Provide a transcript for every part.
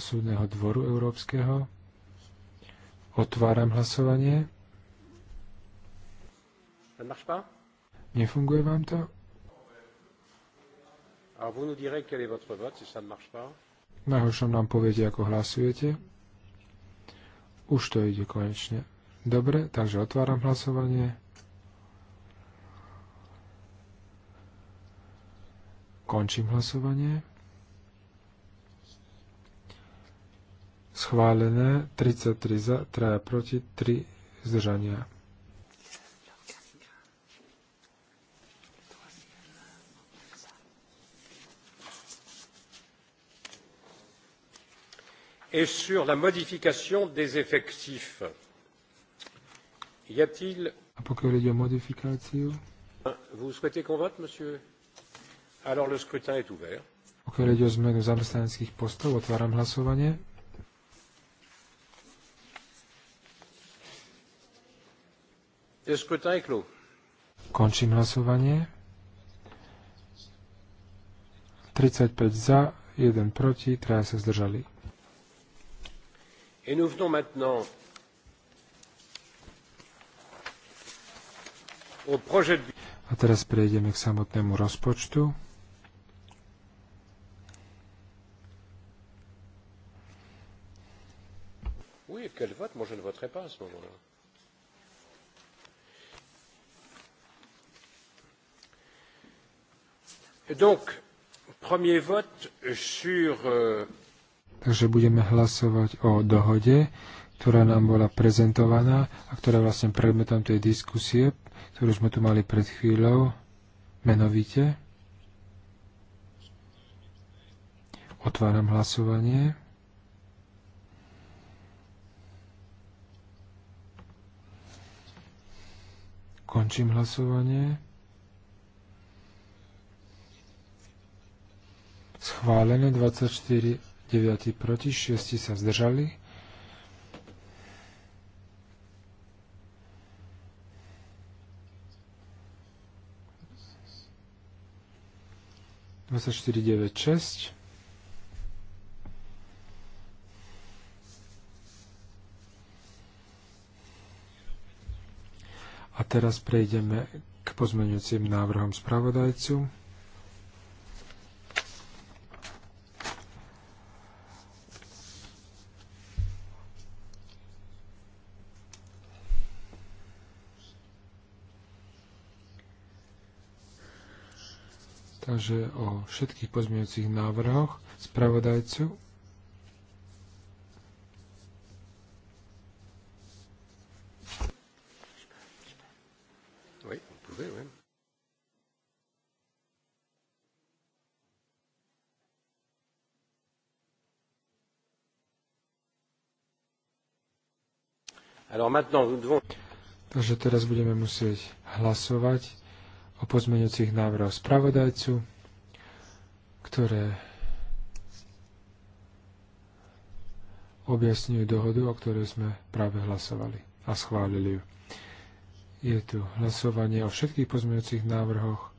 súdneho dvoru európskeho. Otváram hlasovanie. Nefunguje vám to? Najhoršom nám poviete, ako hlasujete. Už to ide konečne. Dobre, takže otváram hlasovanie. Končím hlasovanie. schválené, 33 za, 3 proti, 3 zdržania. et sur la modification des effectifs. Y a-t-il Vous souhaitez qu'on vote, monsieur Alors le scrutin est ouvert. Pokiaľ ide o zmenu zamestnaneckých postov, otváram hlasovanie. Končím hlasovanie. 35 za, 1 proti, 3 sa zdržali. Et nous venons maintenant au projet de... A teraz prejdeme k samotnému rozpočtu. Oui, quel vote Moi, je ne voterai pas à ce moment-là. Euh, Takže budeme hlasovať o dohode, ktorá nám bola prezentovaná a ktorá vlastne predmetom tej diskusie, ktorú sme tu mali pred chvíľou, menovite. Otváram hlasovanie. Končím hlasovanie. schválené, 24, 9 proti, 6 sa zdržali. Dvadsať štyri, deväť, šesť. A teraz prejdeme k pozmeňujúcim návrhom spravodajcu. že o všetkých pozmeňujúcich návrhoch spravodajcu Takže teraz budeme musieť hlasovať o pozmeňujúcich návrhoch spravodajcu, ktoré objasňujú dohodu, o ktorej sme práve hlasovali a schválili ju. Je tu hlasovanie o všetkých pozmeňujúcich návrhoch.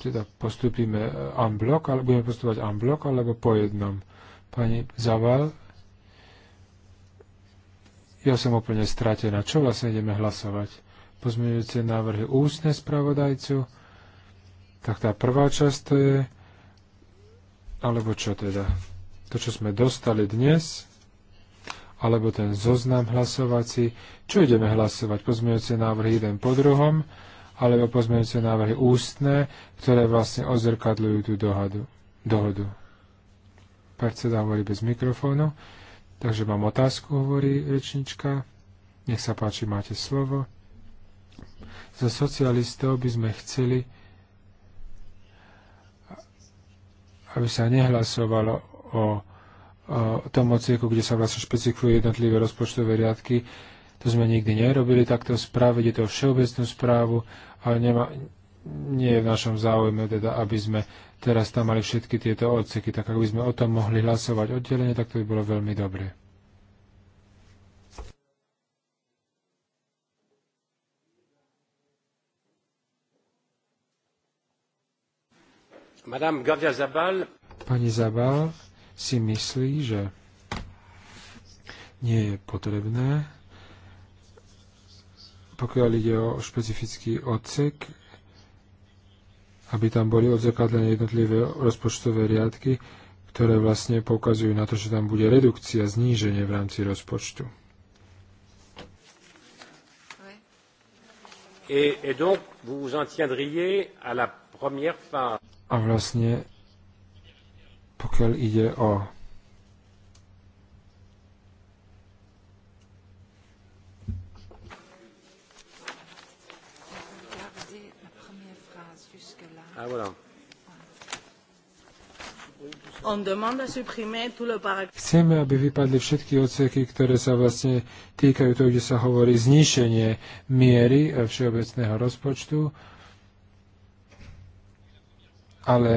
Teda postupíme eh, bloc, ale budeme postupovať bloc, alebo po jednom. Pani Zaval, ja som úplne stratená. Čo vlastne ideme hlasovať? pozmeňujúce návrhy ústne spravodajcu. Tak tá prvá časť to je, alebo čo teda? To, čo sme dostali dnes, alebo ten zoznam hlasovací, čo ideme hlasovať? Pozmeňujúce návrhy jeden po druhom, alebo pozmeňujúce návrhy ústne, ktoré vlastne ozrkadľujú tú dohadu, dohodu. Predseda hovorí bez mikrofónu, takže mám otázku, hovorí rečnička. Nech sa páči, máte slovo. Za socialistov by sme chceli, aby sa nehlasovalo o, o tom oceku, kde sa vlastne špecifikujú jednotlivé rozpočtové riadky. To sme nikdy nerobili takto spraviť, je to všeobecnú správu, ale nemá, nie je v našom záujme, teda, aby sme teraz tam mali všetky tieto odseky, tak ak by sme o tom mohli hlasovať oddelenie, tak to by bolo veľmi dobré. Pani Zabal si myslí, že nie je potrebné, pokiaľ ide o špecifický odsek, aby tam boli odzrkadlené jednotlivé rozpočtové riadky, ktoré vlastne poukazujú na to, že tam bude redukcia, zníženie v rámci rozpočtu. Et, et donc, vous vous en tiendriez à la a vlastne, pokiaľ ide o Ah, voilà. Chceme, aby vypadli všetky odseky, ktoré sa vlastne týkajú toho, kde sa hovorí znišenie miery eh, všeobecného rozpočtu ale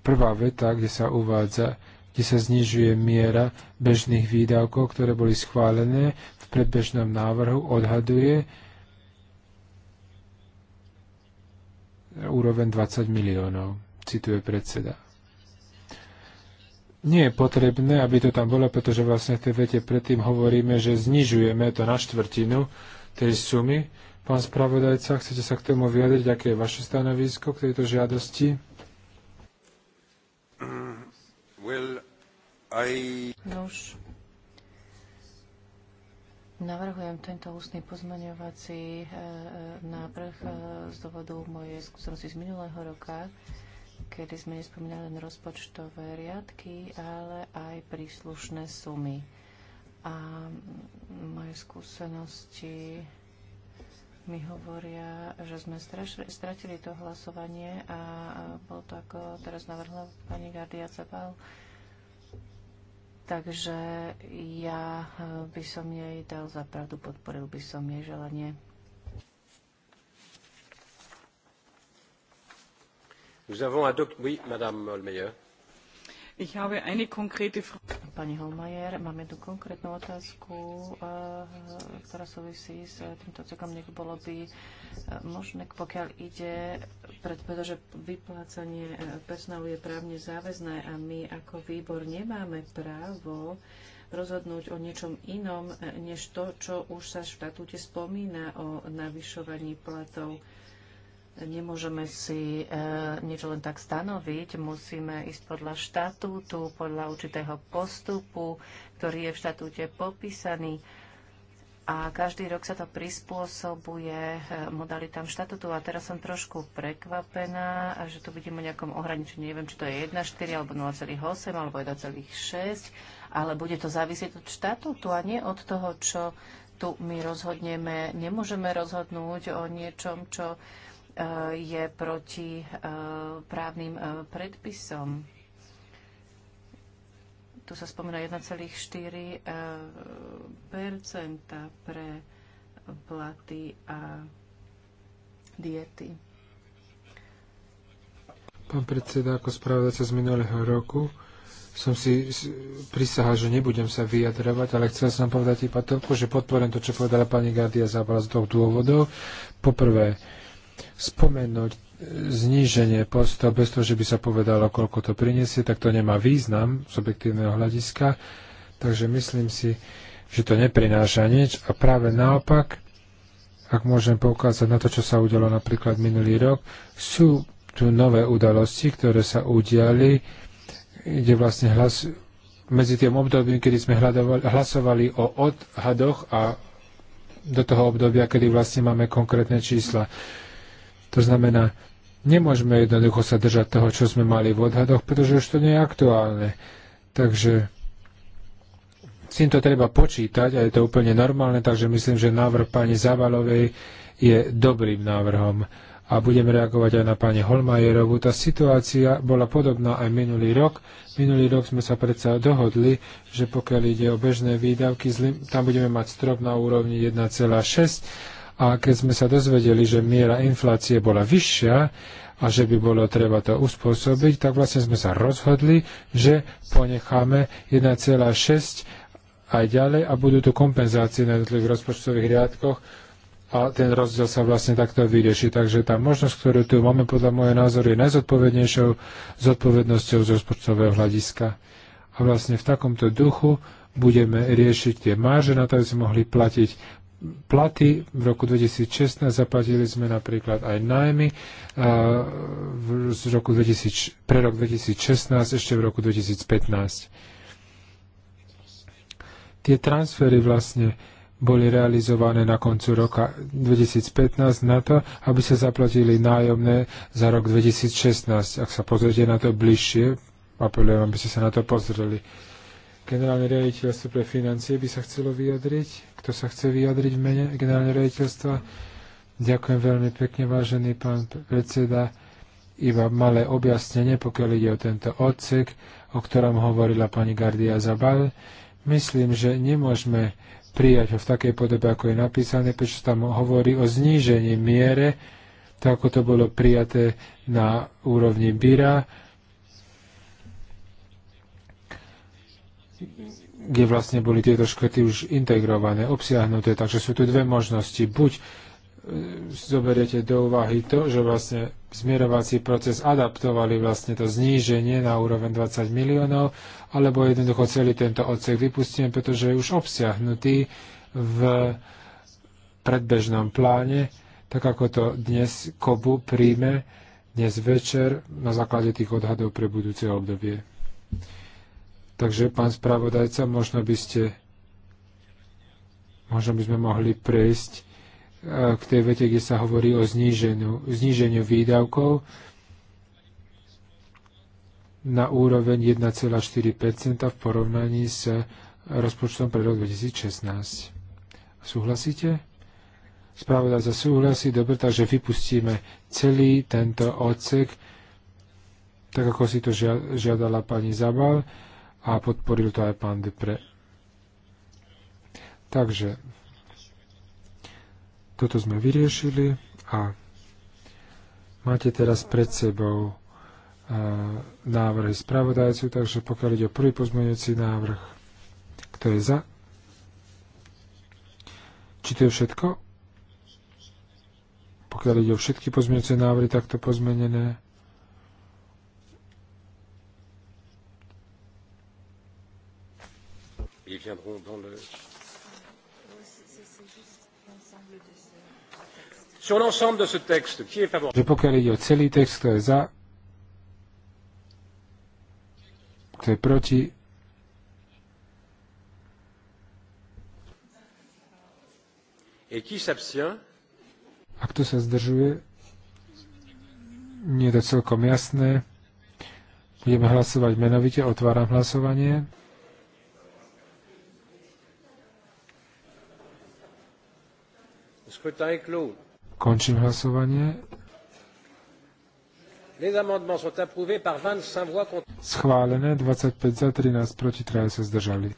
prvá veta, kde sa uvádza, kde sa znižuje miera bežných výdavkov, ktoré boli schválené v predbežnom návrhu, odhaduje úroveň 20 miliónov, cituje predseda. Nie je potrebné, aby to tam bolo, pretože vlastne v tej vete predtým hovoríme, že znižujeme to na štvrtinu tej sumy, Pán spravodajca, chcete sa k tomu vyjadriť, aké je vaše stanovisko k tejto žiadosti? Mm, well, I... Nož. Navrhujem tento ústny pozmaňovací e, e, návrh e, z dôvodu mojej skúsenosti z minulého roka, kedy sme nespomínali len rozpočtové riadky, ale aj príslušné sumy. A moje skúsenosti mi hovoria, že sme stratili to hlasovanie a bol to ako teraz navrhla pani Gardia Cepal. Takže ja e, by som jej dal za pravdu, podporil by som jej želanie. Nous avons un doc... Oui, Madame Olmeyer. Ich habe eine konkrete Pani Holmajer, mám jednu konkrétnu otázku, eh, ktorá súvisí s eh, týmto cekom. Nech bolo by eh, možné, pokiaľ ide, pretože vyplácanie personálu je právne záväzné a my ako výbor nemáme právo rozhodnúť o niečom inom, než to, čo už sa v štatúte spomína o navyšovaní platov Nemôžeme si e, niečo len tak stanoviť, musíme ísť podľa štatútu, podľa určitého postupu, ktorý je v štatúte popísaný. A každý rok sa to prispôsobuje e, modalitám štatútu. A teraz som trošku prekvapená, že tu vidím o nejakom ohraničení. Neviem, či to je 1,4 alebo 0,8 alebo 1,6, ale bude to závisieť od štatútu a nie od toho, čo tu my rozhodneme. Nemôžeme rozhodnúť o niečom, čo je proti eh, právnym eh, predpisom. Tu sa spomína 1,4 eh, pre platy a diety. Pán predseda, ako spravodajca z minulého roku, som si prisahal, že nebudem sa vyjadrovať, ale chcel som povedať iba toľko, že podporujem to, čo povedala pani Gardia Zábala z dvoch dôvodov. Poprvé, spomenúť e, zníženie postov bez toho, že by sa povedalo, koľko to priniesie, tak to nemá význam z objektívneho hľadiska. Takže myslím si, že to neprináša nič a práve naopak, ak môžem poukázať na to, čo sa udialo napríklad minulý rok, sú tu nové udalosti, ktoré sa udiali, kde vlastne hlas, medzi tým obdobím, kedy sme hlasovali o odhadoch a do toho obdobia, kedy vlastne máme konkrétne čísla. To znamená, nemôžeme jednoducho sa držať toho, čo sme mali v odhadoch, pretože už to nie je aktuálne. Takže s týmto treba počítať a je to úplne normálne, takže myslím, že návrh pani Zavalovej je dobrým návrhom. A budem reagovať aj na pani Holmajerovú. Tá situácia bola podobná aj minulý rok. Minulý rok sme sa predsa dohodli, že pokiaľ ide o bežné výdavky, tam budeme mať strop na úrovni 1,6 a keď sme sa dozvedeli, že miera inflácie bola vyššia a že by bolo treba to uspôsobiť, tak vlastne sme sa rozhodli, že ponecháme 1,6 aj ďalej a budú tu kompenzácie na jednotlivých rozpočtových riadkoch a ten rozdiel sa vlastne takto vyrieši. Takže tá možnosť, ktorú tu máme podľa môjho názoru, je najzodpovednejšou zodpovednosťou z rozpočtového hľadiska. A vlastne v takomto duchu budeme riešiť tie marže na to, aby sme mohli platiť platy. V roku 2016 zaplatili sme napríklad aj nájmy. Z roku 2000, pre rok 2016 ešte v roku 2015. Tie transfery vlastne boli realizované na koncu roka 2015 na to, aby sa zaplatili nájomné za rok 2016. Ak sa pozrite na to bližšie, apelujem, aby ste sa na to pozreli. Generálne riaditeľstvo pre financie by sa chcelo vyjadriť. Kto sa chce vyjadriť v mene generálneho rejiteľstva. Ďakujem veľmi pekne, vážený pán predseda. Iba malé objasnenie, pokiaľ ide o tento odsek, o ktorom hovorila pani Gardia Zabal. Myslím, že nemôžeme prijať ho v takej podobe, ako je napísané, prečo tam hovorí o znížení miere, tak ako to bolo prijaté na úrovni Bira kde vlastne boli tieto škrty už integrované, obsiahnuté. Takže sú tu dve možnosti. Buď e, zoberiete do úvahy to, že vlastne zmierovací proces adaptovali vlastne to zníženie na úroveň 20 miliónov, alebo jednoducho celý tento odsek vypustíme, pretože je už obsiahnutý v predbežnom pláne, tak ako to dnes KOBU príjme dnes večer na základe tých odhadov pre budúce obdobie. Takže, pán spravodajca, možno by ste možno by sme mohli prejsť e, k tej vete, kde sa hovorí o zníženiu, zníženiu výdavkov na úroveň 1,4 v porovnaní s rozpočtom pre rok 2016. Súhlasíte? Spravodajca súhlasí, dobre, takže vypustíme celý tento odsek, tak ako si to žiadala pani Zabal a podporil to aj pán Depre. Takže toto sme vyriešili a máte teraz pred sebou e, návrhy spravodajcu, takže pokiaľ ide o prvý pozmeňujúci návrh, kto je za? Či to je všetko? Pokiaľ ide o všetky pozmeňujúce návrhy takto pozmenené, Ils viendront dans le. Sur l'ensemble de ce texte, qui est favorable Že pokiaľ ide o celý text, kto je za, kto je proti, Et qui s'abstient A kto sa zdržuje? Nie je to celkom jasné. Budeme hlasovať menovite. Otváram hlasovanie. Končím hlasovanie. Schválené 25 za 13 proti 3 sa zdržali.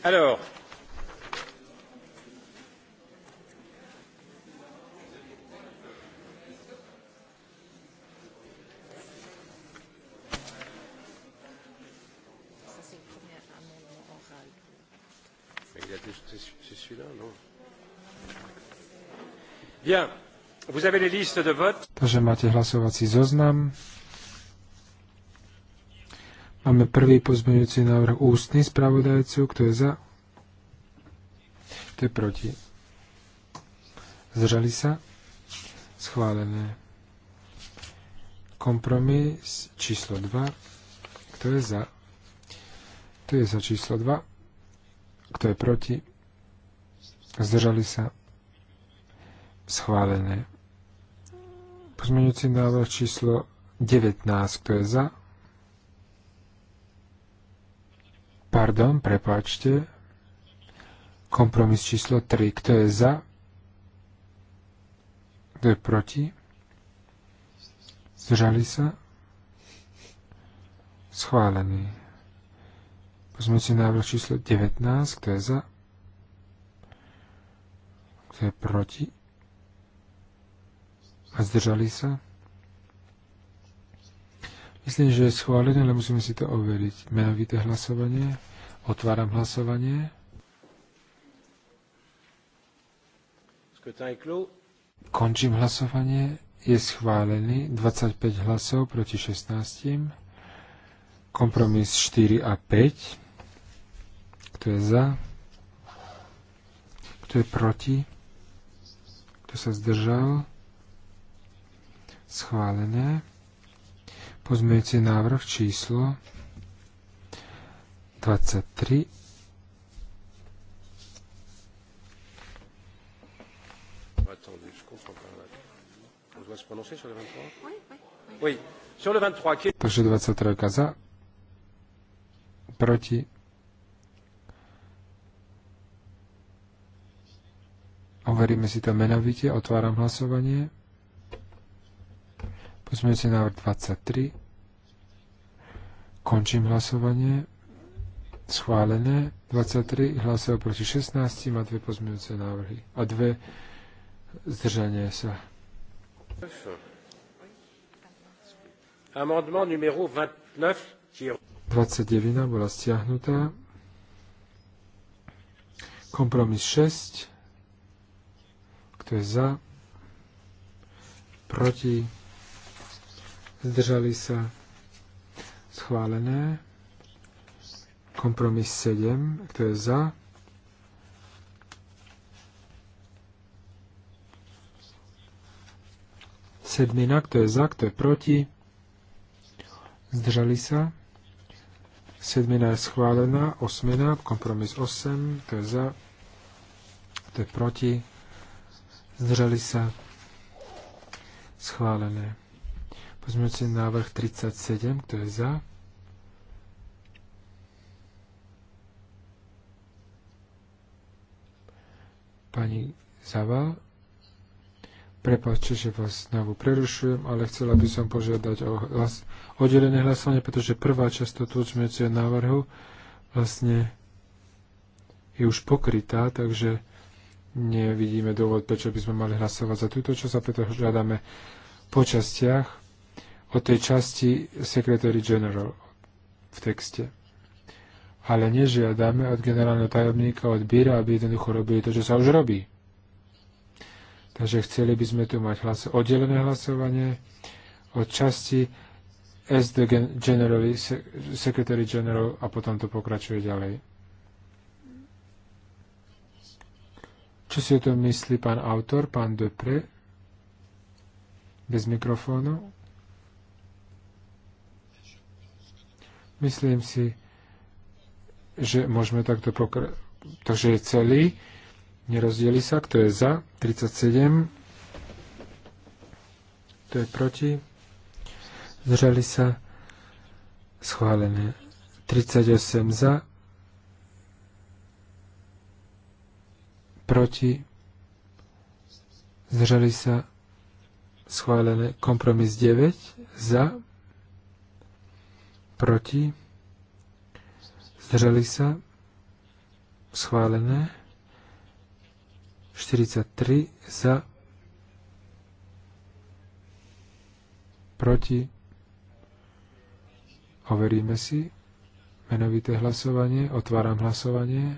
Alors, Takže máte hlasovací zoznam. Máme prvý pozmeňujúci návrh ústny spravodajcu. Kto je za? Kto je proti? Zdržali sa? Schválené. Kompromis číslo 2. Kto je za? Kto je za číslo 2? Kto je proti? Zdržali sa? Schválené. Pozmeňujúci návrh číslo 19, kto je za? Pardon, prepáčte. Kompromis číslo 3, kto je za? Kto je proti? Zdržali sa? Schválený. Pozmeňujúci návrh číslo 19, kto je za? Kto je proti? a zdržali sa. Myslím, že je schválené, ale musíme si to overiť. Menovité hlasovanie. Otváram hlasovanie. Končím hlasovanie. Je schválený 25 hlasov proti 16. Kompromis 4 a 5. Kto je za? Kto je proti? Kto sa zdržal? schválené. Pozmejúci návrh číslo 23. Takže 23 za, proti. Overíme si to menovite, otváram hlasovanie. Pozmeňujúci návrh 23. Končím hlasovanie. Schválené. 23 hlasov proti 16 Má dve pozmeňujúce návrhy. A dve zdržanie sa. Amendement numero 29. 29 bola stiahnutá. Kompromis 6. Kto je za? Proti? zdržali sa schválené. Kompromis 7, kto je za, sedmina, kto je za, kto je proti, zdržali sa. Sedmina je schválená, osmina, kompromis 8, kto je za, kto je proti, zdržali sa. Schválené si návrh 37, kto je za? Pani Zaval. Prepačte, že vás znovu prerušujem, ale chcela by som požiadať o hlas, oddelené hlasovanie, pretože prvá časť toho návrhu vlastne je už pokrytá, takže nevidíme dôvod, prečo by sme mali hlasovať za túto časť a preto žiadame po častiach o tej časti Secretary General v texte. Ale nežiadame od generálneho tajomníka, od Bíra, aby jednoducho robili to, čo sa už robí. Takže chceli by sme tu mať hlas- oddelené hlasovanie od časti SD General, Secretary General a potom to pokračuje ďalej. Čo si o tom myslí pán autor, pán Depre? Bez mikrofónu. Myslím si, že môžeme takto pokračovať. Takže je celý. Nerozdeli sa, kto je za. 37. Kto je proti. Zdržali sa. Schválené. 38 za. Proti. Zdržali sa. Schválené. Kompromis 9 za proti, zřeli sa, schválené, 43 za, proti, overíme si, menovité hlasovanie, otváram hlasovanie,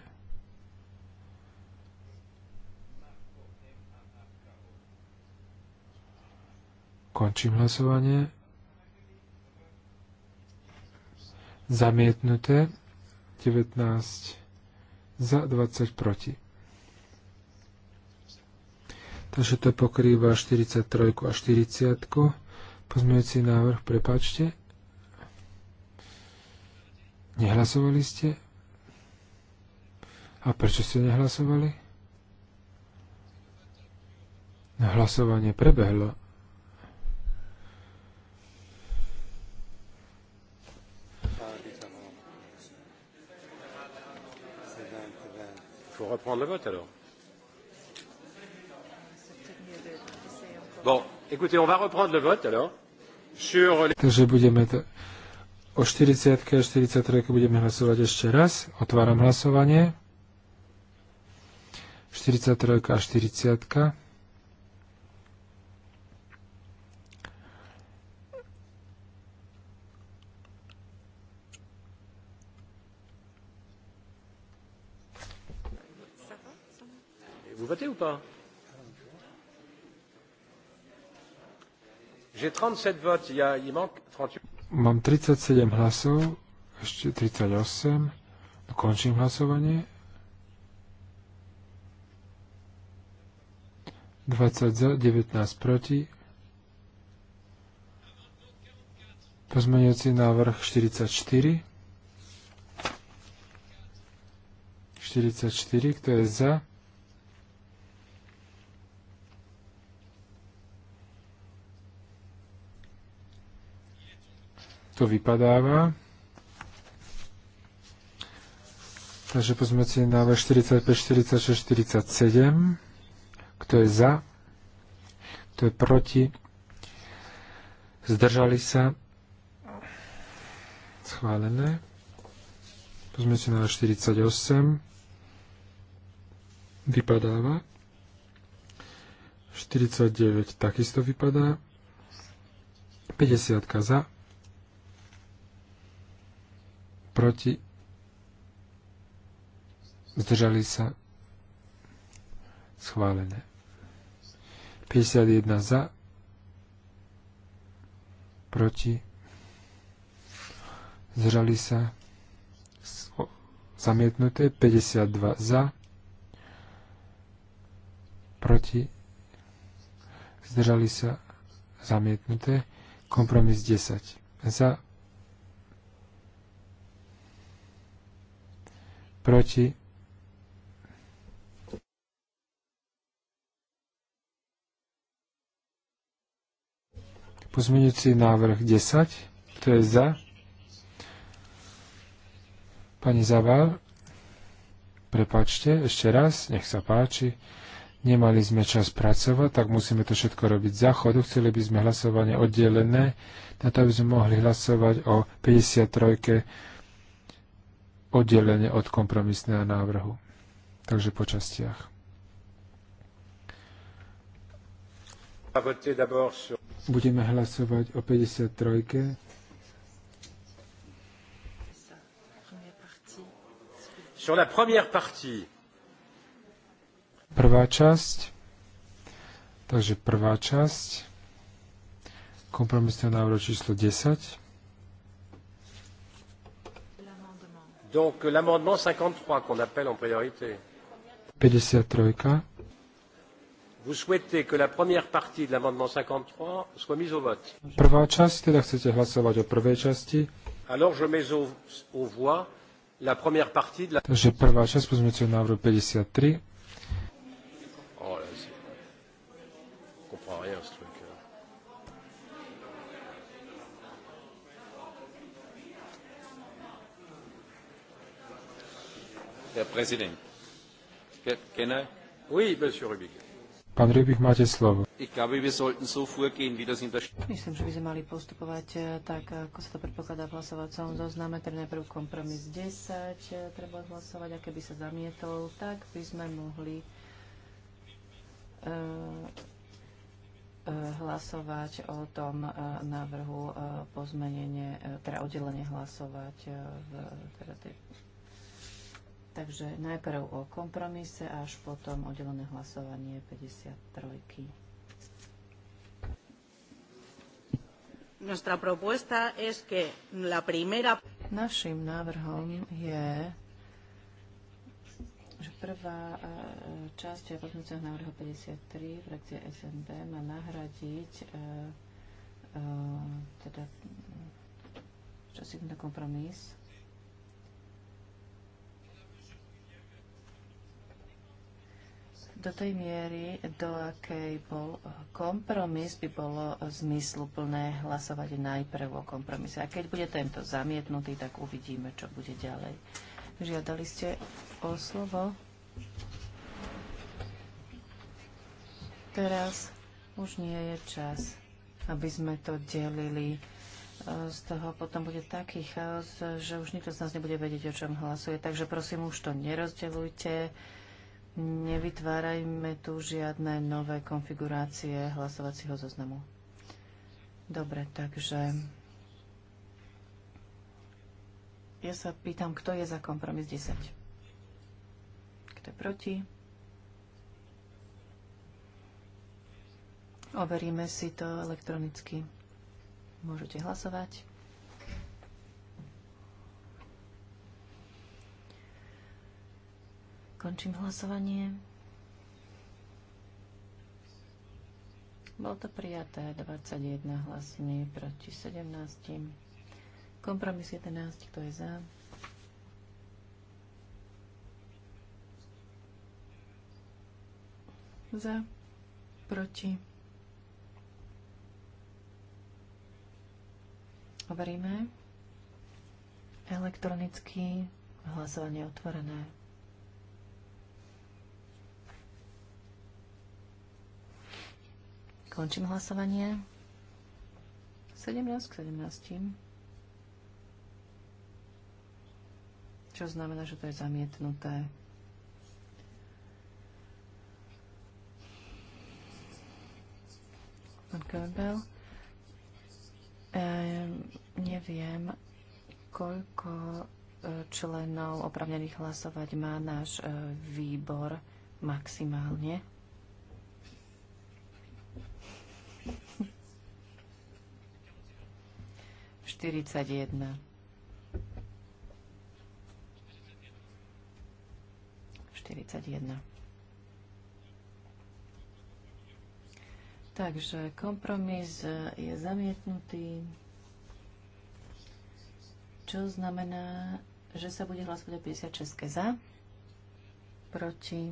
končím hlasovanie, zamietnuté, 19 za, 20 proti. Takže to pokrýva 43 a 40. Pozmejúci návrh, prepačte. Nehlasovali ste? A prečo ste nehlasovali? No, hlasovanie prebehlo. faut reprendre le vote alors. Bon, écoutez, on va reprendre le vote alors. Sur les... Takže budeme to... O 40 a 43 budeme hlasovať ešte raz. Otváram hlasovanie. 43 a 40. Mám 37 hlasov, ešte 38. Končím hlasovanie. 20 za, 19 proti. Pozmeňujúci návrh 44. 44, kto je za? to vypadáva. Takže si na 45, 46, 47. Kto je za? Kto je proti? Zdržali sa? Schválené. si na 48. Vypadáva. 49 takisto vypadá. 50 za proti, zdržali sa, schválené. 51 za, proti, zdržali sa, zamietnuté, 52 za, proti, zdržali sa, zamietnuté, kompromis 10 za, proti, Pozmeňujúci návrh 10, kto je za? Pani Zabal, prepačte, ešte raz, nech sa páči. Nemali sme čas pracovať, tak musíme to všetko robiť za chodu. Chceli by sme hlasovanie oddelené, na to by sme mohli hlasovať o 53 oddelenie od kompromisného návrhu. Takže po častiach. Budeme hlasovať o 53. Sur la première partie. Prvá časť. Takže prvá časť Kompromisné návrh číslo 10. Donc l'amendement 53 qu'on appelle en priorité. 53. Vous souhaitez que la première partie de l'amendement 53 soit mise au vote. Prvá časť, teda chcete hlasovať o prvej časti. Alors je mets au, au voix la première partie de la... Takže prvá časť pozmeňujúceho návrhu 53. Pán Rybik, máte slovo. Myslím, že by sme mali postupovať eh, tak, ako sa to predpokladá v hlasovacom zozname, teda najprv kompromis 10 eh, treba hlasovať a keby sa zamietol, tak by sme mohli eh, hlasovať o tom návrhu pozmenenie, teda oddelenie hlasovať v teda tej Takže najprv o kompromise a až potom oddelené hlasovanie 53. Nuestra propuesta es que la primera... Našim návrhom je, že prvá e, časť pozmúceho návrhu 53 v rekcie SND má nahradiť e, e, teda čo si kompromis do tej miery, do akej bol kompromis, by bolo zmysluplné hlasovať najprv o kompromise. A keď bude tento zamietnutý, tak uvidíme, čo bude ďalej. Žiadali ste o slovo. Teraz už nie je čas, aby sme to delili. Z toho potom bude taký chaos, že už nikto z nás nebude vedieť, o čom hlasuje. Takže prosím, už to nerozdelujte Nevytvárajme tu žiadne nové konfigurácie hlasovacieho zoznamu. Dobre, takže ja sa pýtam, kto je za kompromis 10? Kto je proti? Overíme si to elektronicky. Môžete hlasovať. Končím hlasovanie. Bolo to prijaté 21 hlasmi proti 17. Kompromis 11, kto je za? Za, proti. Overíme. Elektronicky hlasovanie otvorené. Končím hlasovanie. 17 k 17. Čo znamená, že to je zamietnuté. Pán Goebel, ehm, neviem, koľko e, členov opravnených hlasovať má náš e, výbor maximálne. 41. 41. Takže kompromis je zamietnutý, čo znamená, že sa bude hlasovať 56 za, proti.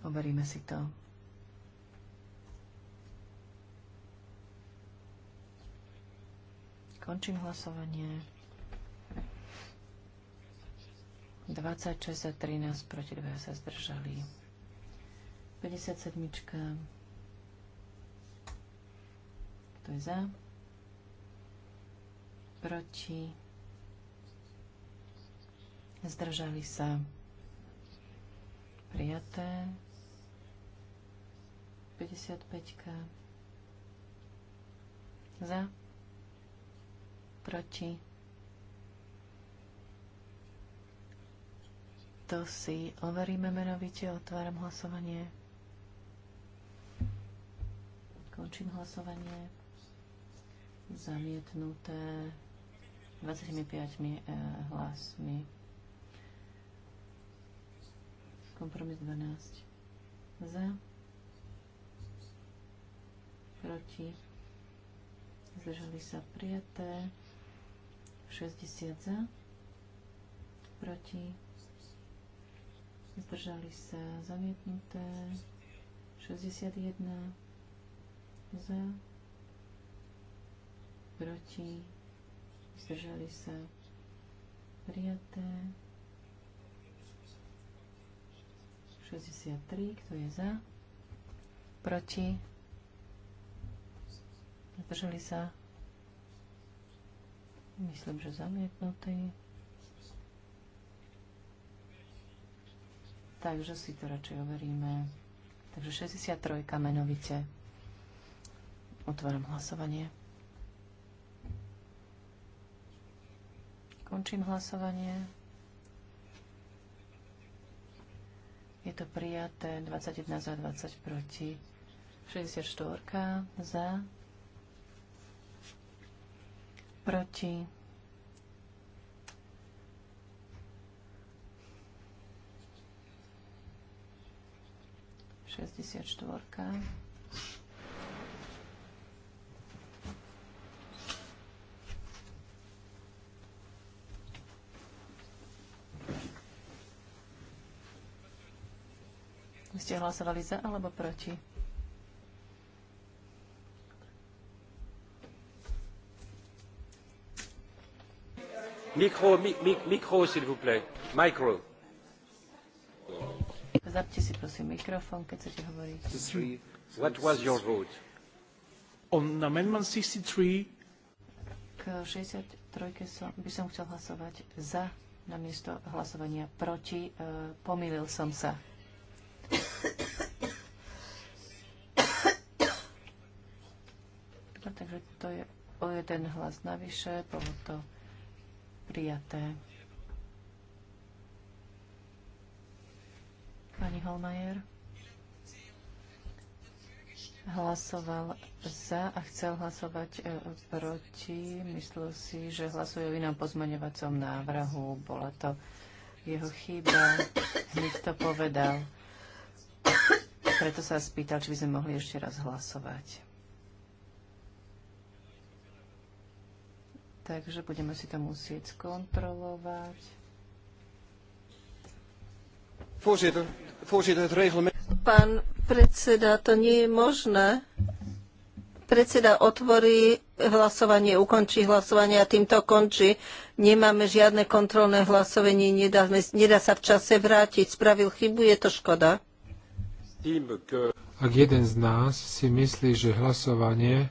Overíme si to. Končím hlasovanie. 26 a 13, proti 2 sa zdržali. 57. Kto je za? Proti? Zdržali sa. Prijaté. 55. Za oproti. To si overíme menovite. Otváram hlasovanie. Končím hlasovanie. Zamietnuté 25 eh, hlasmi. Kompromis 12. Za. Proti. Zdržali sa prijaté. 60 za, proti, zdržali sa zamietnuté, 61 za, proti, zdržali sa prijaté, 63, kto je za, proti, zdržali sa Myslím, že zamietnutý. Takže si to radšej overíme. Takže 63 menovite. Otváram hlasovanie. Končím hlasovanie. Je to prijaté 21 za 20 proti. 64 za proti. šestdesiat štvorka. Ste hlasovali za alebo proti? Mikro, mi, s'il vous plaît. Micro. Zapte si prosím mikrofón, keď chcete hovoriť. What was your vote? On amendment 63. K 63 som, by som chcel hlasovať za namiesto hlasovania proti. E, pomýlil som sa. Dobre, takže to je o jeden hlas navyše, bolo to Prijaté. Pani Holmajer hlasoval za a chcel hlasovať e, proti. Myslel si, že hlasuje o inom pozmaňovacom návrhu. Bola to jeho chyba. Hneď to povedal. Preto sa spýtal, či by sme mohli ešte raz hlasovať. takže budeme si to musieť skontrolovať. Voorzitter, voorzitter, het reglement... Pán predseda, to nie je možné. Predseda otvorí hlasovanie, ukončí hlasovanie a týmto končí. Nemáme žiadne kontrolné hlasovanie, nedá, nedá sa v čase vrátiť. Spravil chybu, je to škoda. Ak jeden z nás si myslí, že hlasovanie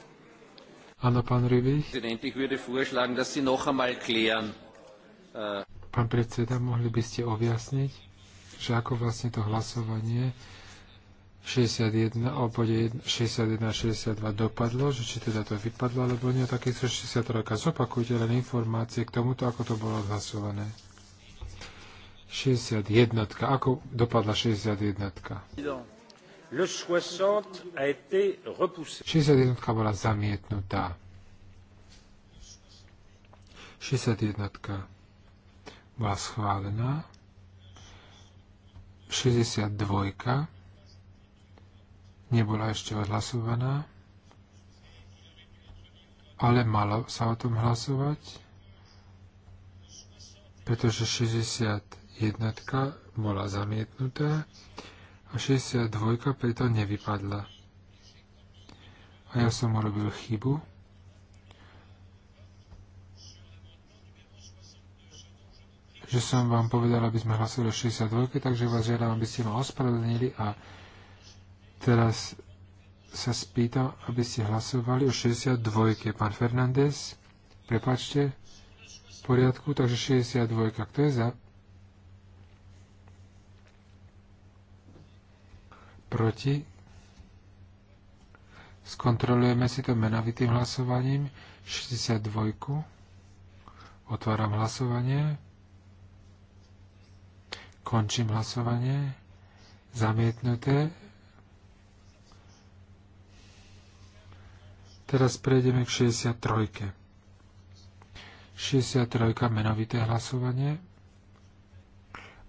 Áno, pán Rybich. Äh, pán predseda, mohli by ste objasniť, že ako vlastne to hlasovanie 61, o bode 61 62 dopadlo, že či teda to vypadlo, alebo nie, také sú 63. Zopakujte len informácie k tomuto, ako to bolo hlasované. 61. Ako dopadla 61. 61 bola zamietnutá. 61 bola schválená. 62 nebola ešte odhlasovaná, ale malo sa o tom hlasovať, pretože 61 bola zamietnutá, a 62 preto nevypadla. A ja som urobil chybu. že som vám povedal, aby sme hlasovali o 62, takže vás žiadam, aby ste ma ospravedlnili a teraz sa spýtam, aby ste hlasovali o 62. Pán Fernández, prepačte, v poriadku, takže 62. Kto je za? proti. Skontrolujeme si to menovitým hlasovaním. 62. Otváram hlasovanie. Končím hlasovanie. Zamietnuté. Teraz prejdeme k 63. 63. menovité hlasovanie.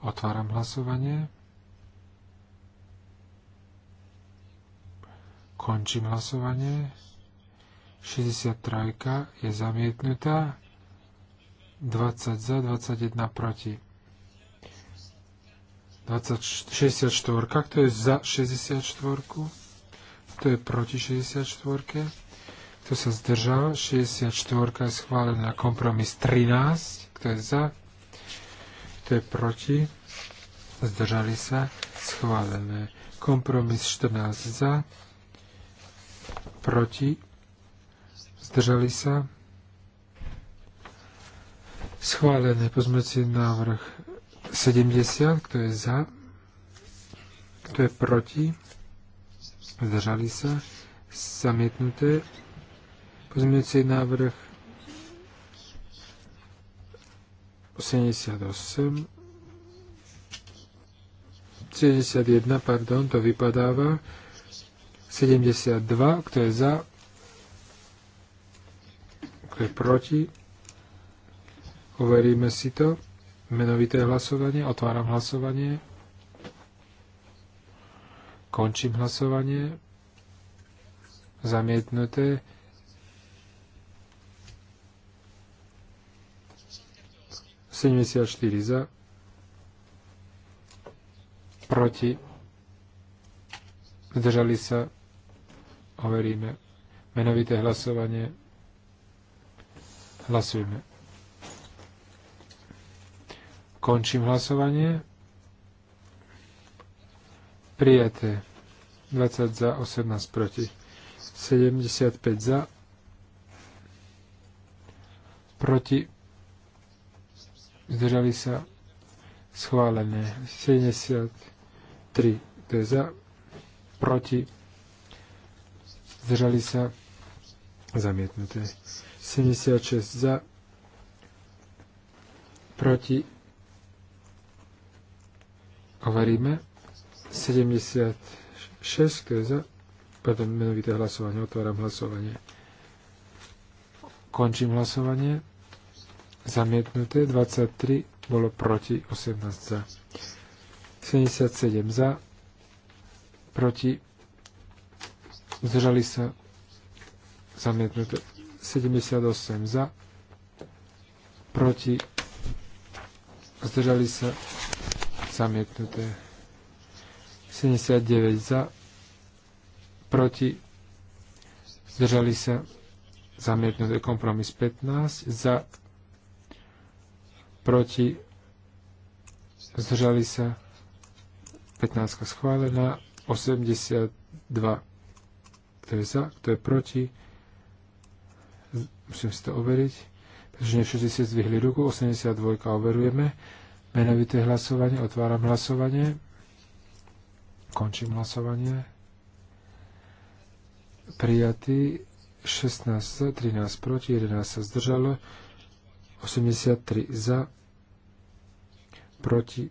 Otváram hlasovanie. Končím hlasovanie. 63 je zamietnutá. 20 za, 21 proti. 20, 64, kto je za 64? Kto je proti 64? Kto sa zdržal? 64 je schválená. Kompromis 13. Kto je za? Kto je proti? Zdržali sa? Schválené. Kompromis 14 za proti, zdržali sa. Schválené pozmeci návrh 70, kto je za, kto je proti, zdržali sa, zamietnuté. Pozmeci návrh 78, 71, pardon, to vypadáva. 72, kto je za, kto je proti. Overíme si to. Menovité hlasovanie. Otváram hlasovanie. Končím hlasovanie. Zamietnuté. 74 za. Proti. Zdržali sa Overíme menovité hlasovanie. Hlasujeme. Končím hlasovanie. Prijaté. 20 za, 18 proti. 75 za. Proti. Zdržali sa. Schválené. 73. To je za. Proti zdržali sa zamietnuté. 76 za, proti, Hovoríme. 76, to je za, potom menovité hlasovanie, otváram hlasovanie. Končím hlasovanie. Zamietnuté 23 bolo proti 18 za. 77 za, proti zdržali sa zamietnuté 78 za, proti, zdržali sa zamietnuté 79 za, proti, zdržali sa zamietnuté kompromis 15 za, proti, zdržali sa 15 schválená 82 kto je za, kto je proti. Musím si to overiť, Takže nie všetci si zdvihli ruku. 82 overujeme. Menovité hlasovanie, otváram hlasovanie. Končím hlasovanie. Prijatý 16 za, 13 proti, 11 sa zdržalo, 83 za, proti,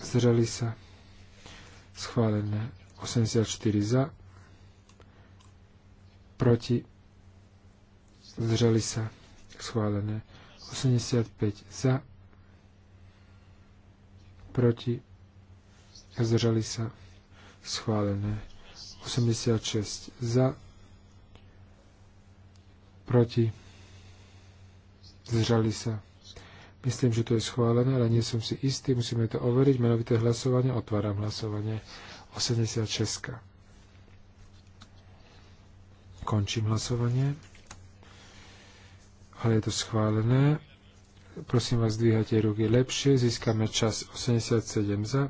zdržali sa, schválené 84 za, proti, zdržali sa, schválené. 85 za, proti, zdržali sa, schválené. 86 za, proti, zdržali sa. Myslím, že to je schválené, ale nie som si istý, musíme to overiť. Menovité hlasovanie, otváram hlasovanie. 86. Končím hlasovanie. Ale je to schválené. Prosím vás, dvíhajte ruky lepšie. Získame čas 87 za.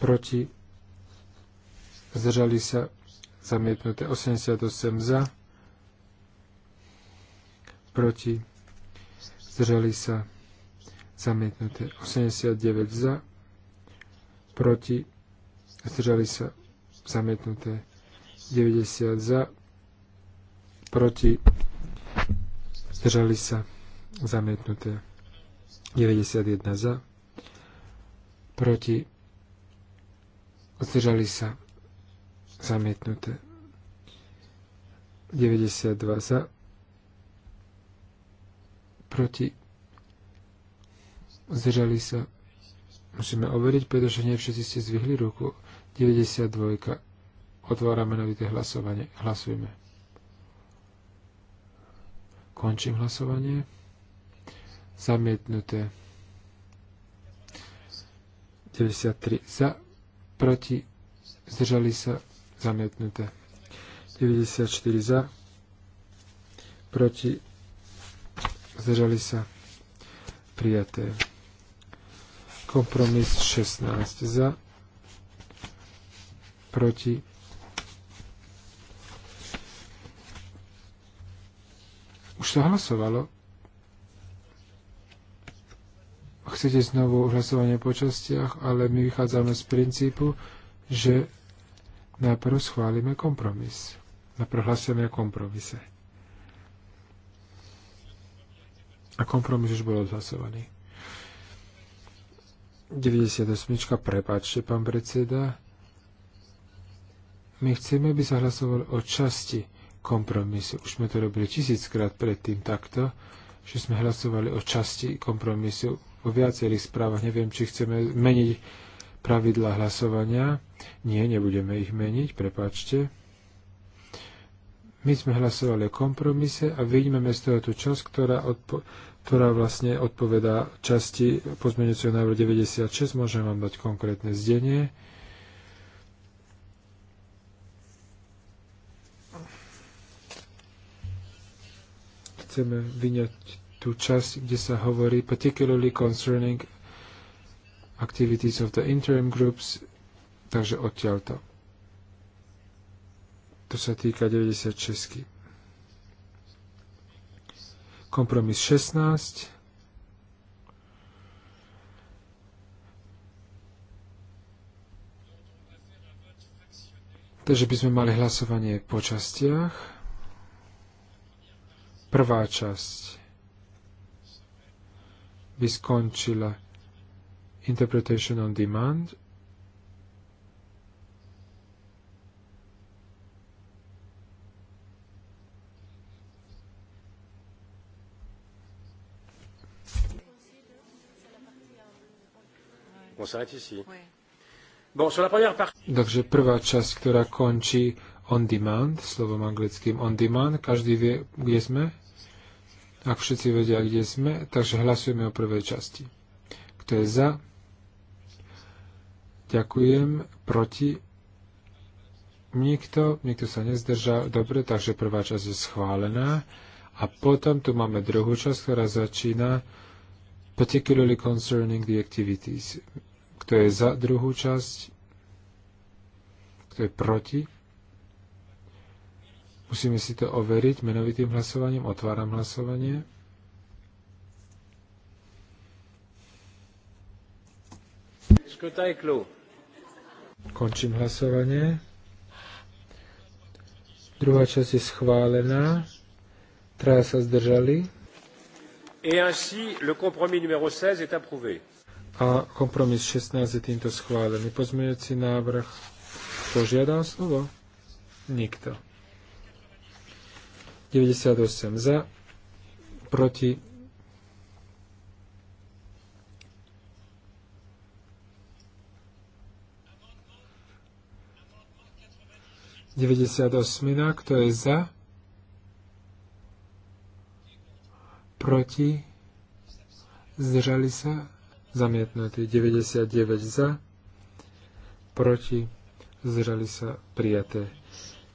Proti. Zdržali sa zamietnuté 88 za. Proti. Zdržali sa zamietnuté 89 za. Proti. Zdržali sa zamietnuté 90 za, proti, zdržali sa, zamietnuté. 91 za, proti, zdržali sa, zamietnuté. 92 za, proti, zdržali sa, musíme overiť, pretože nie všetci ste zvihli ruku. 92. Otvárame novité hlasovanie. Hlasujeme. Končím hlasovanie. Zamietnuté. 93 za, proti, zdržali sa, zamietnuté. 94 za, proti, zdržali sa, prijaté. Kompromis 16 za, proti, Už sa hlasovalo. Chcete znovu hlasovanie po častiach, ale my vychádzame z princípu, že najprv schválime kompromis. Najprv hlasujeme o kompromise. A kompromis už bol odhlasovaný. 98. Prepáčte, pán predseda. My chceme, aby sa hlasovalo o časti kompromisu. Už sme to robili tisíckrát predtým takto, že sme hlasovali o časti kompromisu vo viacerých správach. Neviem, či chceme meniť pravidla hlasovania. Nie, nebudeme ich meniť, prepáčte. My sme hlasovali o kompromise a vyjmeme z toho tú časť, ktorá, odpo- ktorá vlastne odpovedá časti pozmeňujúceho návrhu 96. Môžem vám dať konkrétne zdenie. chceme vyňať tú časť, kde sa hovorí particularly concerning activities of the interim groups, takže odtiaľto. To sa týka 96. Kompromis 16. Takže by sme mali hlasovanie po častiach prvá časť by skončila Interpretation on Demand. On s'arrête ici. Oui. Bon, sur la première partie. Takže prvá časť, ktorá končí on demand, slovom anglickým on demand. Každý vie, kde sme. Ak všetci vedia, kde sme, takže hlasujeme o prvej časti. Kto je za? Ďakujem. Proti? Nikto. Nikto sa nezdržal. Dobre, takže prvá časť je schválená. A potom tu máme druhú časť, ktorá začína particularly concerning the activities. Kto je za druhú časť? Kto je proti? Musíme si to overiť menovitým hlasovaním. Otváram hlasovanie. Končím hlasovanie. Druhá časť je schválená. Traja sa zdržali. Et ainsi, le compromis numéro 16 est approuvé. A kompromis 16 je týmto schválený. Pozmeňujúci návrh. Požiadal slovo? Nikto. 98 za, proti, 98. osmina, kto je za? Proti? Zdržali sa? Zamietnutí. 99 za? Proti? Zdržali sa? Prijaté.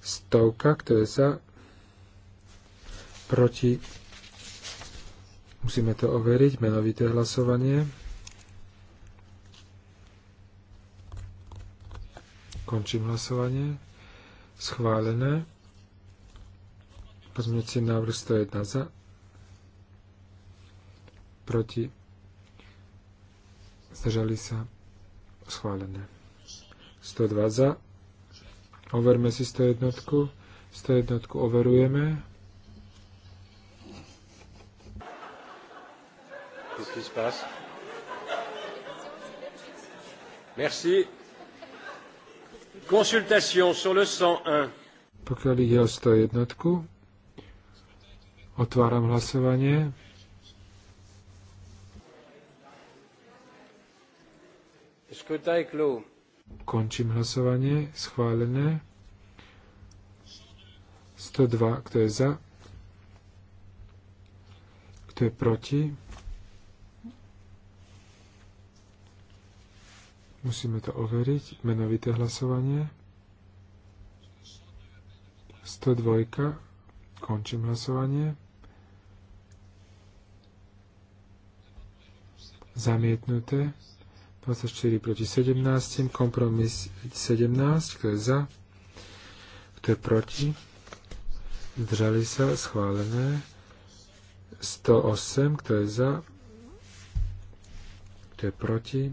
Stovka, kto je za? proti. Musíme to overiť, menovité hlasovanie. Končím hlasovanie. Schválené. Pozmeňujúci návrh 101 za. Proti. Zdržali sa. Schválené. 102 za. Overme si 101. 101 overujeme. qui se passe Merci. Consultation sur le 101. Pokiaľ ide o 101, otváram hlasovanie. Končím hlasovanie. Schválené. 102, kto je za? Kto je proti? Musíme to overiť. Menovité hlasovanie. 102. Končím hlasovanie. Zamietnuté. 24 proti 17. Kompromis 17. Kto je za? Kto je proti? Zdržali sa. Schválené. 108. Kto je za? Kto je proti?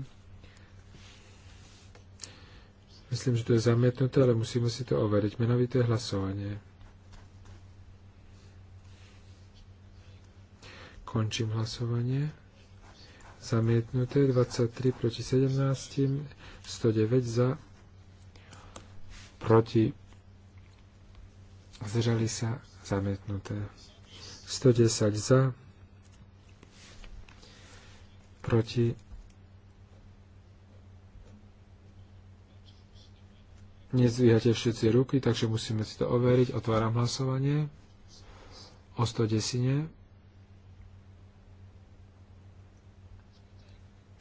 Myslím, že to je zamietnuté, ale musíme si to overiť. Menovité hlasovanie. Končím hlasovanie. Zamietnuté 23 proti 17, 109 za, proti, zdržali sa, zamietnuté. 110 za, proti, Nezvíhate všetci ruky, takže musíme si to overiť. Otváram hlasovanie o 110.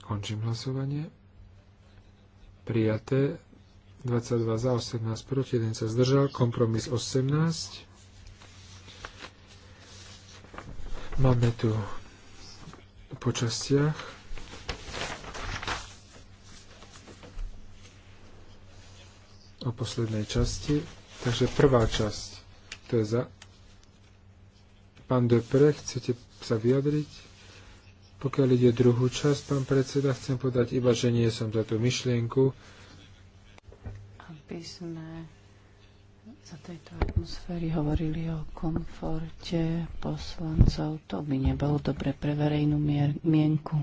Končím hlasovanie. Prijaté 22 za, 18 proti, 1 sa zdržal. Kompromis 18. Máme tu po častiach o poslednej časti. Takže prvá časť, to je za... Pán Depre, chcete sa vyjadriť? Pokiaľ ide druhú časť, pán predseda, chcem podať iba, že nie som za tú myšlienku. Aby sme za tejto atmosféry hovorili o komforte poslancov, to by nebolo dobre pre verejnú mier- mienku.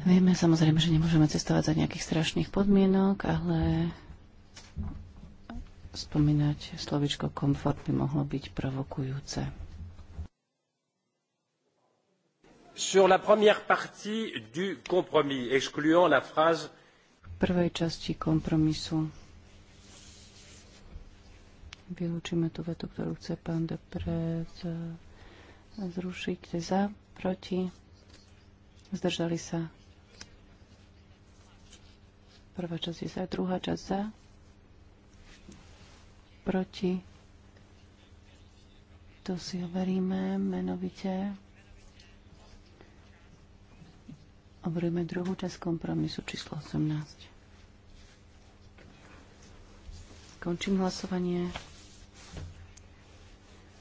Vieme samozrejme, že nemôžeme cestovať za nejakých strašných podmienok, ale spomínať slovičko komfort by mohlo byť provokujúce. Sur la première partie du compromis, excluant la phrase prvej časti kompromisu. Vylúčime tú vetu, ktorú chce pán Depre eh, zrušiť. Za, proti, zdržali sa Prvá časť je za, druhá časť za. Proti. To si overíme menovite. Overujeme druhú časť kompromisu číslo 18. Končím hlasovanie.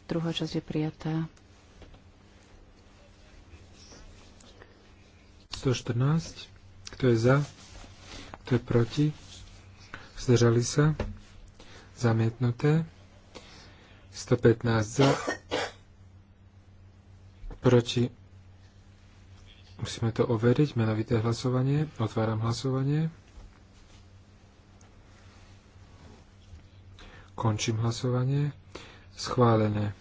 Druhá časť je prijatá. 114. Kto je za? kto je proti, zdržali sa, zamietnuté, 115 za, proti, musíme to overiť, menovité hlasovanie, otváram hlasovanie, končím hlasovanie, schválené.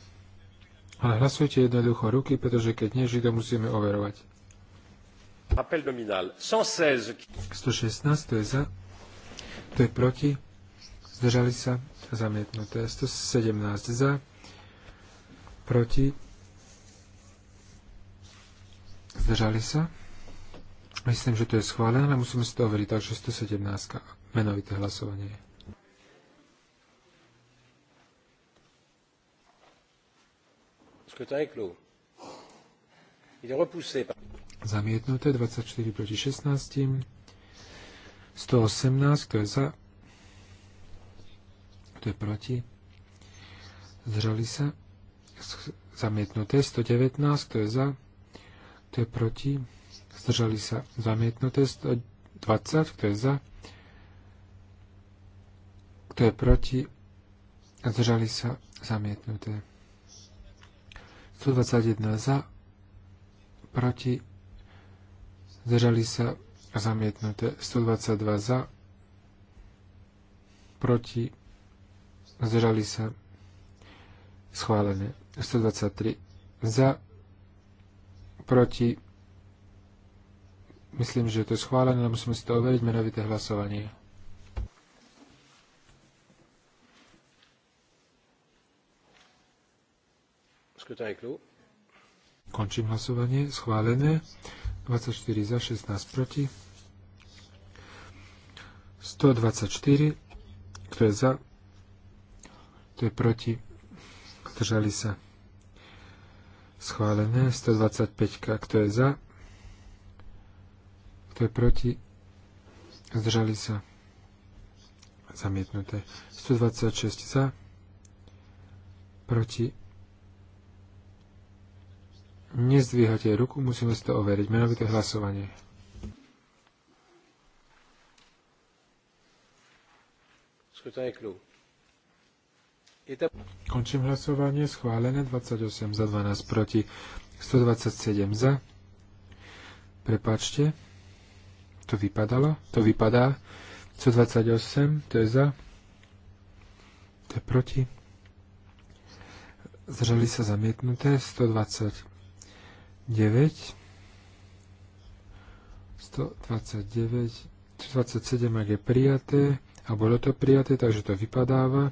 Ale hlasujte jednoducho ruky, pretože keď nie, to musíme overovať. Appel nominal. 116. 116, to je za. To je proti. Zdržali sa. Zamietnuté. 117 za. Proti. Zdržali sa. Myslím, že to je schválené, ale musíme si to overiť. Takže 117. Menovité hlasovanie. Scrutin est clos. Il est repoussé. Zamietnuté 24 proti 16. 118, kto je za, kto je proti. Zdržali sa. Zamietnuté 119, kto je za, kto je proti. Zdržali sa. Zamietnuté 120, kto je za, kto je proti. Zdržali sa. Zamietnuté. 121 za, proti zdržali sa zamietnuté 122 za, proti, zdržali sa schválené 123 za, proti, myslím, že je to schválené, ale musíme si to overiť, menovité hlasovanie. Končím hlasovanie. Schválené. 24 za, 16 proti. 124, kto je za, kto je proti, zdržali sa. Schválené. 125, kto je za, kto je proti, zdržali sa. Zamietnuté. 126 za, proti, Nezdvíhate ruku, musíme si to overiť. Menovité hlasovanie. Končím hlasovanie. Schválené 28 za 12 proti 127 za. Prepačte. To vypadalo. To vypadá. 128, to je za. To je proti. Zreli sa zamietnuté. 120 9, 129, 127, ak je prijaté, a bolo to prijaté, takže to vypadáva.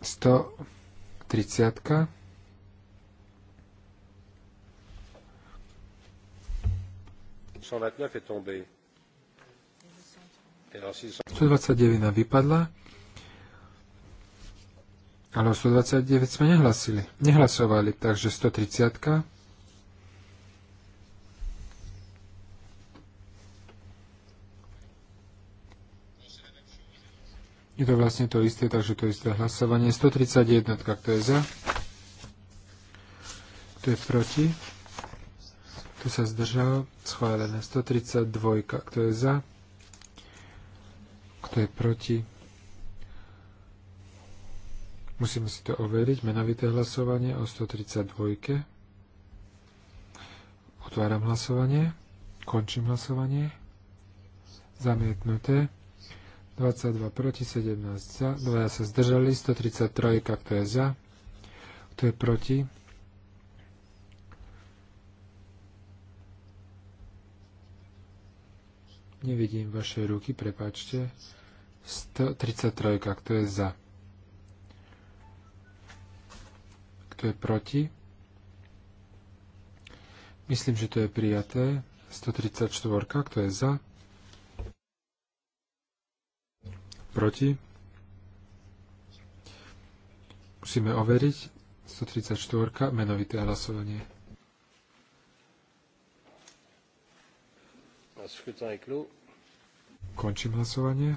130. -ka. je tombé. 129 vypadla. Ale o 129 sme nehlasili, nehlasovali, takže 130. Je to vlastne to isté, takže to isté hlasovanie. 131, kto je za? Kto je proti? Kto sa zdržal? Schválené. 132, kto je za? Kto je proti? Musíme si to overiť. Menovité hlasovanie o 132. Otváram hlasovanie. Končím hlasovanie. Zamietnuté. 22 proti, 17 za. Dvaja sa zdržali. 133, kto je za. Kto je proti. Nevidím vaše ruky, prepáčte. 133, kto je za. Kto je proti? Myslím, že to je prijaté. 134. Kto je za? Proti? Musíme overiť. 134. Menovité hlasovanie. Končím hlasovanie.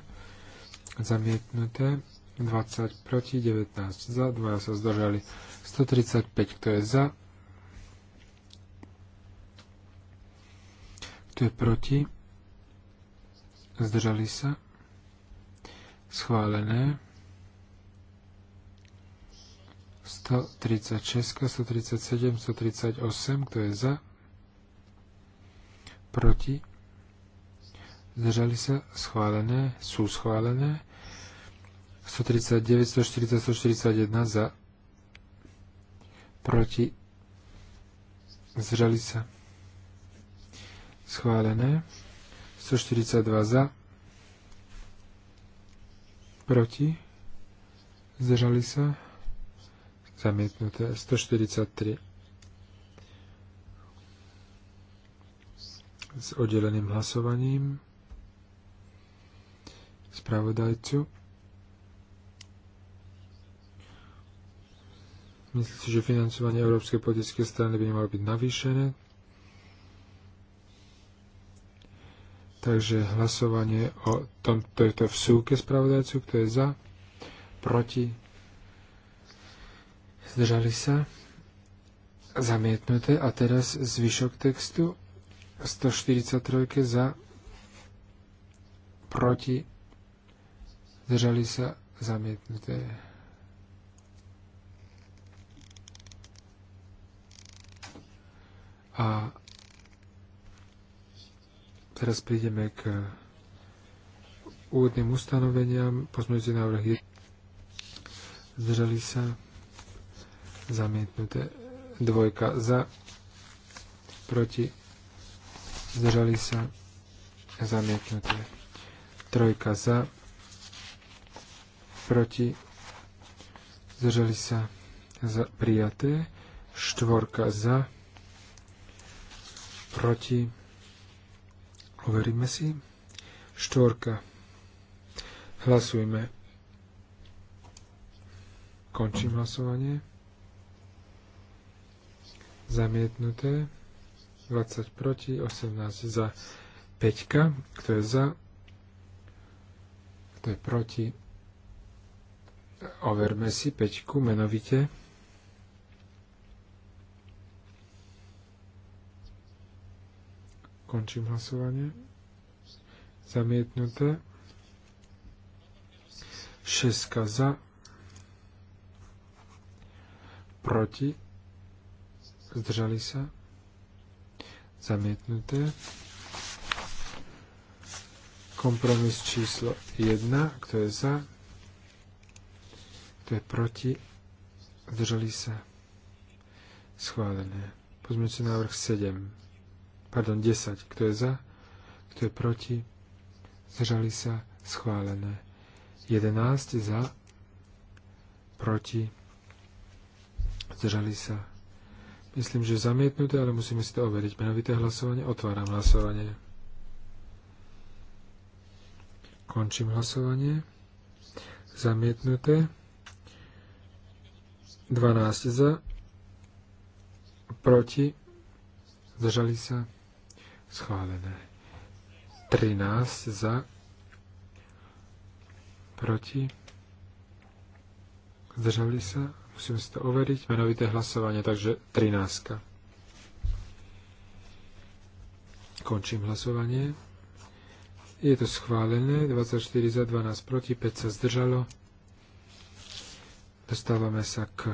Zamietnuté. 20 proti, 19 za, dvaja sa zdržali. 135, kto je za, kto je proti, zdržali sa, schválené. 136, 137, 138, kto je za, proti, zdržali sa, schválené, sú schválené. 139, 140, 141 za, proti, zreli sa. Schválené. 142 za, proti, zdržali sa, zamietnuté. 143 s oddeleným hlasovaním spravodajcu. Myslím si, že financovanie Európskej politické strany by nemalo byť navýšené. Takže hlasovanie o tomto je to v súke spravodajcu, kto je za, proti, zdržali sa, zamietnuté. A teraz zvyšok textu 143 za, proti, zdržali sa, zamietnuté. A teraz prídeme k úvodným ustanoveniam. Pozmeňujúci návrh je zdržali sa zamietnuté dvojka za proti zdržali sa zamietnuté trojka za proti zdržali sa za, prijaté štvorka za proti, overíme si, štvorka, hlasujme, končím hlasovanie, zamietnuté, 20 proti, 18 za, 5, kto je za, kto je proti, overme si 5, menovite, Končím hlasovanie. Zamietnuté. 6 za. Proti. Zdržali sa. Zamietnuté. Kompromis číslo 1. Kto je za? Kto je proti? Zdržali sa. Schválené. Pozmeňte návrh 7 pardon, 10. Kto je za? Kto je proti? Zdržali sa? Schválené. 11 za, proti, zdržali sa. Myslím, že zamietnuté, ale musíme si to overiť. Menovité hlasovanie, otváram hlasovanie. Končím hlasovanie. Zamietnuté. 12 za, proti, zdržali sa schválené. 13 za, proti, zdržali sa, musíme si to overiť, menovité hlasovanie, takže 13. Končím hlasovanie. Je to schválené, 24 za, 12 proti, 5 sa zdržalo. Dostávame sa k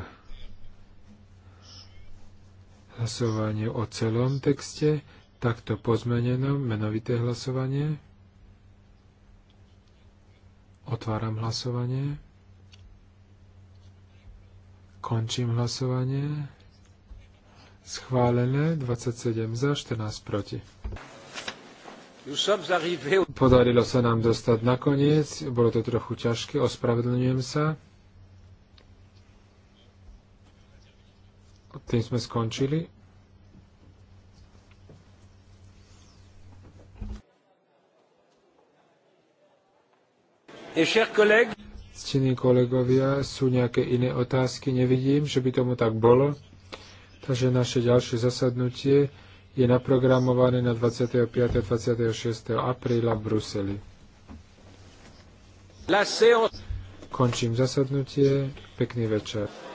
hlasovaniu o celom texte takto pozmenenom menovité hlasovanie. Otváram hlasovanie. Končím hlasovanie. Schválené 27 za, 14 proti. Podarilo sa nám dostať nakoniec, bolo to trochu ťažké, ospravedlňujem sa. Tým sme skončili. Ctení kolegovia, sú nejaké iné otázky? Nevidím, že by tomu tak bolo. Takže naše ďalšie zasadnutie je naprogramované na 25. a 26. apríla v Bruseli. Končím zasadnutie. Pekný večer.